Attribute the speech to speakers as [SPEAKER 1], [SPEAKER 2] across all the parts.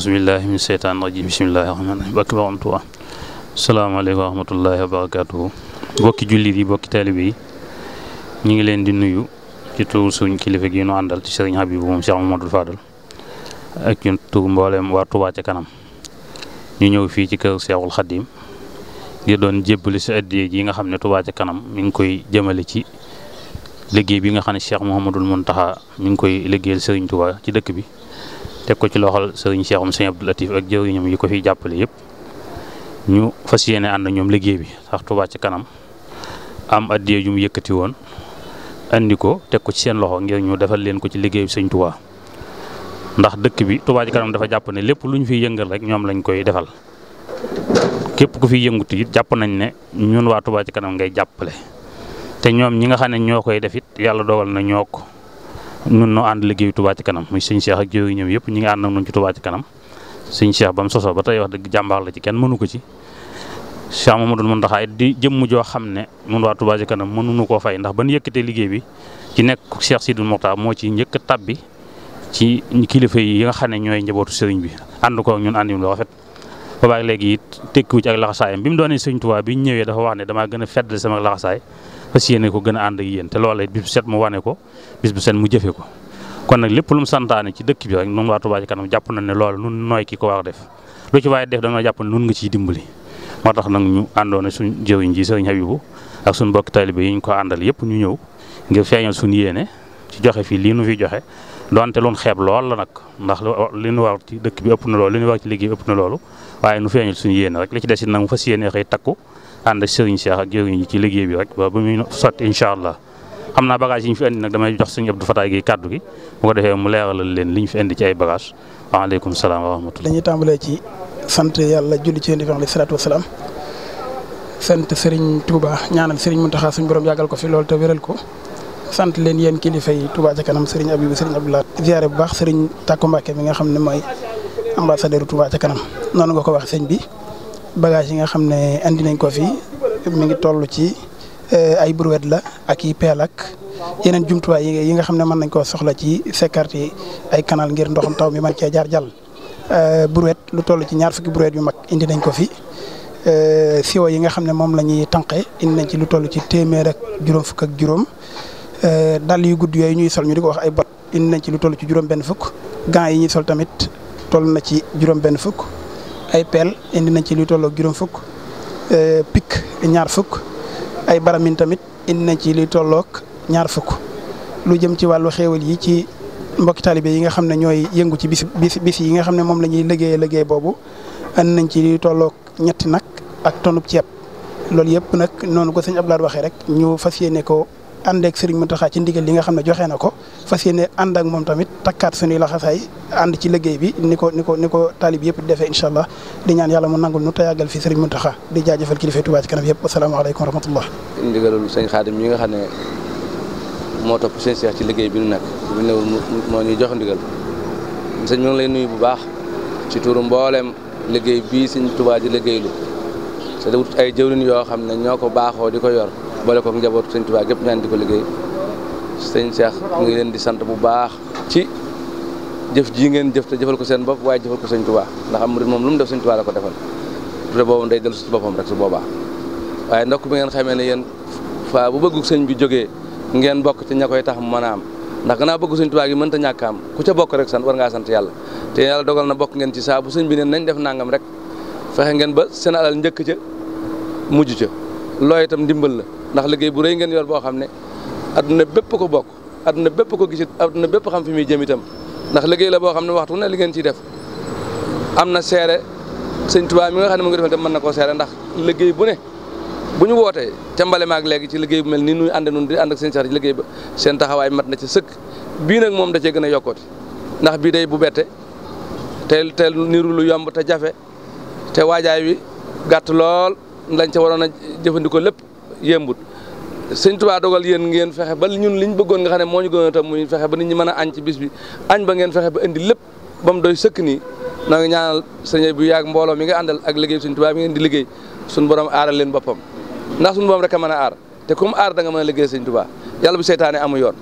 [SPEAKER 1] aousubillahi min seytaan rajim bismillahi rahmaani rahim bakki baram tuwa salaamaaleykum wa rahmatullahi wa barakatuhu bokki jullit yi bokki taalibe yi ñu ngi leen di nuyu ci tur suñ kilifa gi ñu àndal ci sëriñ Habibu moom Cheikh Mamadou Fadal ak ci tur waa Tuubaa ca kanam ñu ñëw fii ci kër Seexul Xaddim ngir doon jébbali si addiye ji nga xam ne Tuubaa ci kanam mi ngi koy jëmale ci léggéey bi nga xam ne Cheikh Mouhamadul Muntaxa mi ngi koy liggéeyal Sëriñ Tuubaa ci dëkk bi teg ko ci loxol sëriñ Cheikhoum sëriñ Abdou Latif ak jëwriñam yi ko fiy jàppale yëpp ñu fas yéene ànd ñoom liggéey bi sax Touba ci kanam am addiya ju mu yëkkati woon andi ko teg ko ci seen loxo ngir ñu defal leen ko ci liggéey bi sëñ Touba ndax dëkk bi Touba ci kanam dafa jàpp ne lépp lu ñu fiy yëngal rek ñoom lañ koy defal képp ku fiy yëngutu it jàpp nañ ne ñun waa Touba ci kanam ngay jàppale te ñoom ñi nga xam ne ñoo koy def it yàlla dogal na ko ñun noo ànd liggéeyu Touba ci kanam muy sëñ Cheikh ak jiw ñoom yëpp ñu ngi ànd ak ñun ci Touba ci kanam sëñ Cheikh ba mu sosoo ba tey wax dëgg jàmbaar la ci kenn mënu ko ci. Cheikh Mamadou Mountakha it di jëmm joo xam ne ñun waa Touba ci kanam mënuñu koo fay ndax ban yëkkatee liggéey bi ci nekk Cheikh Sidou moo ci njëkk a tabbi ci kilifa yi nga xam ne ñooy njabootu sëriñ bi ànd ko ak ñun ànd yu rafet boobaag léegi it tekkiwu ci ak laxasaayam bi mu doonee sëñ Touba bi ñëwee dafa wax ne damaa gën a fedd sama laxasaay fas yéene ko gën a ànd ak yéen te loolee bis bu set mu wane ko bis bu set mu jëfe ko kon nag lépp lu mu santaane ci dëkk bi rek nun waa Touba Ca Kanam jàpp nañ ne loolu nun ci waaye jàpp ne nun nga ciy dimbali moo tax nag ñu àndoona suñ jëwiñ ji sëriñ Habibu ak suñ mbokki taalibe yi ko àndal yëpp ñu ñëw ngir feeñal suñ yéene ci joxe fii lii nu fi joxe donte lu xeeb lool la nag ndax li ñu war ci dëkk bi ëpp na loolu li ñu war ci liggéey ëpp na loolu waaye nu feeñal suñu ànd ak sëriñ a ak jëriñ ci liggéey bi rek ba ba muy sotti incha allah xam naa bagage yi ñu fi indi nag damay jox sëriñ Abdou Fatah gi kàddu gi bu ko defee mu leeralal leen li ñu fi indi ci ay bagage waaleykum salaam wa rahmatulah.
[SPEAKER 2] dañuy tàmbalee ci sant yàlla julli ci yéen di salaam sant sëriñ Touba ñaanal sëriñ Mountakha suñu borom yàggal ko fi loolu te wéral ko sant leen yéen kilifa yi Touba ca kanam sëriñ Abibou sëriñ Abdoulaye ziare bu baax sëriñ Takku Mbacke mi nga xam ne mooy ambassadeur Touba ca kanam noonu nga ko wax sëñ bi bagage yi nga xam ne indi nañ ko fi mi ngi toll ci eh, ay brouette la ak i peel ak yeneen jumtuwaay yi nga xam ne mën nañ koo soxla ci sécurité ay canal ngir ndoxum taw mi mën cee jaar jàll. Eh, brouette lu toll ci ñaar fukki brouette yu mag indi nañ ko fi eh, siwo yi nga xam ne moom la ñuy tànqe indi nañ ci lu toll ci téeméer ak juróom fukk ak juróom dàll yu gudd yooyu ñuy sol ñu di ko wax ay bot indi nañ ci lu toll ci juróom benn fukk gants yi ñuy sol tamit toll na ci juróom benn fukk. ay peel indi nañ ci lu tolloog juróom fukk eh, pik ñaar fukk ay baramin tamit indi nañ ci lu tollook ñaar fukk lu jëm ci wàllu xéewal yi ci mbokki taalibe yi nga xam ne ñooy yëngu ci bis bis bis yi nga xam ne moom la ñuy liggéeyee liggéey boobu indi nañ ci lu tolloog ñetti nag ak tonub ceeb loolu yëpp nag noonu ko sëñ Abdoulaye waxee rek ñu fas yéene ko ànd ak Serigne Mountakha ci ndigal li nga xam ne joxe na ko fas ne ànd ak moom tamit takkaat suñuy laxasaay ànd ci liggéey bi ni ko ni ko ni ko taalib yëpp di defee incha allah di ñaan yàlla mu nangul nu te yàggal fi sëriñ Muntaxa di jaajëfal kilifa Tuubaa ci kanam yëpp
[SPEAKER 3] ne moo topp sëñ Seex ci liggéey bi ñu nekk moo ñuy jox ndigal sëñ mi ngi lay nuyu bu baax ci turu mbooleem liggéey bii sëñ Tuubaa ji liggéey lu te wut ay jëwriñ yoo xam ne ñoo ko baaxoo di ko yor boole ko njaboot sëñ Tuubaa gépp ñaan di ko liggéey sëñ Cheikh mu ngi leen di sant bu baax ci jëf ji ngeen jëf te jëfal ko seen bopp waaye jëfal ko sëñ Touba ndax am murid moom lu mu def sëñ Touba la ko defal te boobu day dellu si boppam rek su boobaa waaye ndokk bi ngeen xamee ne yéen fa bu bëggu sëñ bi jógee ngeen bokk ci ña koy tax mën am ndax gannaaw bëgg sëñ Touba gi mënta ñàkk am ku ca bokk rek sant war ngaa sant yàlla te yàlla dogal na bokk ngeen ci saabu bu sëñ bi neen nañ def nangam rek fexe ngeen ba seen alal njëkk ca mujj ca looy itam ndimbal la ndax liggéey bu rëy ngeen yor boo xam ne adduna bépp ko bokk adduna bépp ko gisit adduna bépp xam fi muy jëm itam ndax liggéey la boo xam ne waxtu na li ngeen ciy def am na seere sëñ Tuubaa mi nga xam ne mu ngi defal tam mën na koo seere ndax liggéey bu ne bu ñu wootee ca mbale maag ci liggéey bu mel nii nuy ànde nun di ànd ak seen liggéey seen taxawaay mat na ci sëkk bii nag moom da cee gën a yokkooti ndax bii day bu bette teel teel niru lu yomb te jafe te waajaay wi gàtt lool lañ ca waroon a jëfandikoo lépp yëmbut sëñ Tuubaa dogal yéen ngeen fexe ba ñun liñ bëggoon nga xam ne moo ñu gënoon tam muy fexe ba nit ñi mën a añ ci bis añ ba ngeen fexe ba indi lépp ba doy sëkk nii noo ngi ñaanal sëñ mbooloo mi nga àndal ak liggéey sëñ Tuubaa mi ngeen di liggéey suñu borom aaral leen boppam ndax suñu borom rek a mën a aar te comme aar da nga a liggéey sëñ Tuubaa yàlla bu seytaane amu yoon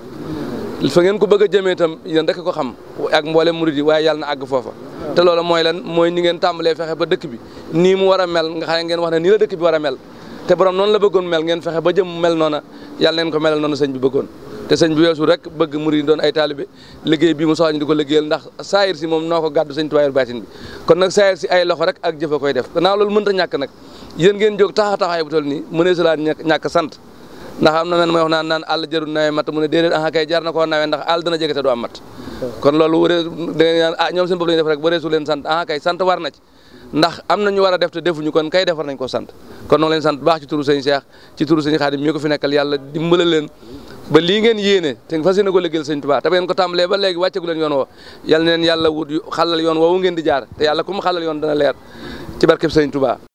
[SPEAKER 3] fa ngeen ko bëgg a jëmee itam yéen rek ko xam ak mboolem murid yi waaye yàlla na àgg foofa te loolu mooy lan mooy ni ngeen tàmbalee ba dëkk bi nii mu war a mel nga xam ne wax ne nii la dëkk bi war a mel te borom noonu la bëggoon mel ngeen fexe ba jëm mel noona yàlla neen ko melal noonu sëñ bi bëggoon te sëñ bi weesu rek bëgg murid doon ay taalibe liggéey bii mu soxla di ko liggéeyal ndax saayir si moom noo ko gàddu sëñ tuwaayul baatin bi kon nag saayir si ay loxo rek ak jëf a koy def gannaaw loolu mënta ñàkk nag yéen ngeen jóg taxa taxaay bu toll nii mënee sulaa ñàkk sant ndax am na men may wax naan naan àll jarul nawe mat mu ne déedéet ah na koo nawe ndax àll dana jege te du am mat kon loolu wëree da ngeen naan ah ñoom seen bopp la ah war na ndax am nañu ñu war a def te defuñu kon kay defar nañ ko sant kon noo leen sant baax ci turu sëñ Cheikh ci turu sëñ Xaadim mi ko fi nekkal yàlla leen ba lii ngeen yéene te fas yéene ko liggéeyal sëñ Tuubaa te ngeen ko tàmbalee ba léegi wàcceegu leen yoon woo yal na leen wut xalal yoon woowu ngeen di jaar te yàlla ku mu xalal yoon dana leer ci barkeb sëñ Tuubaa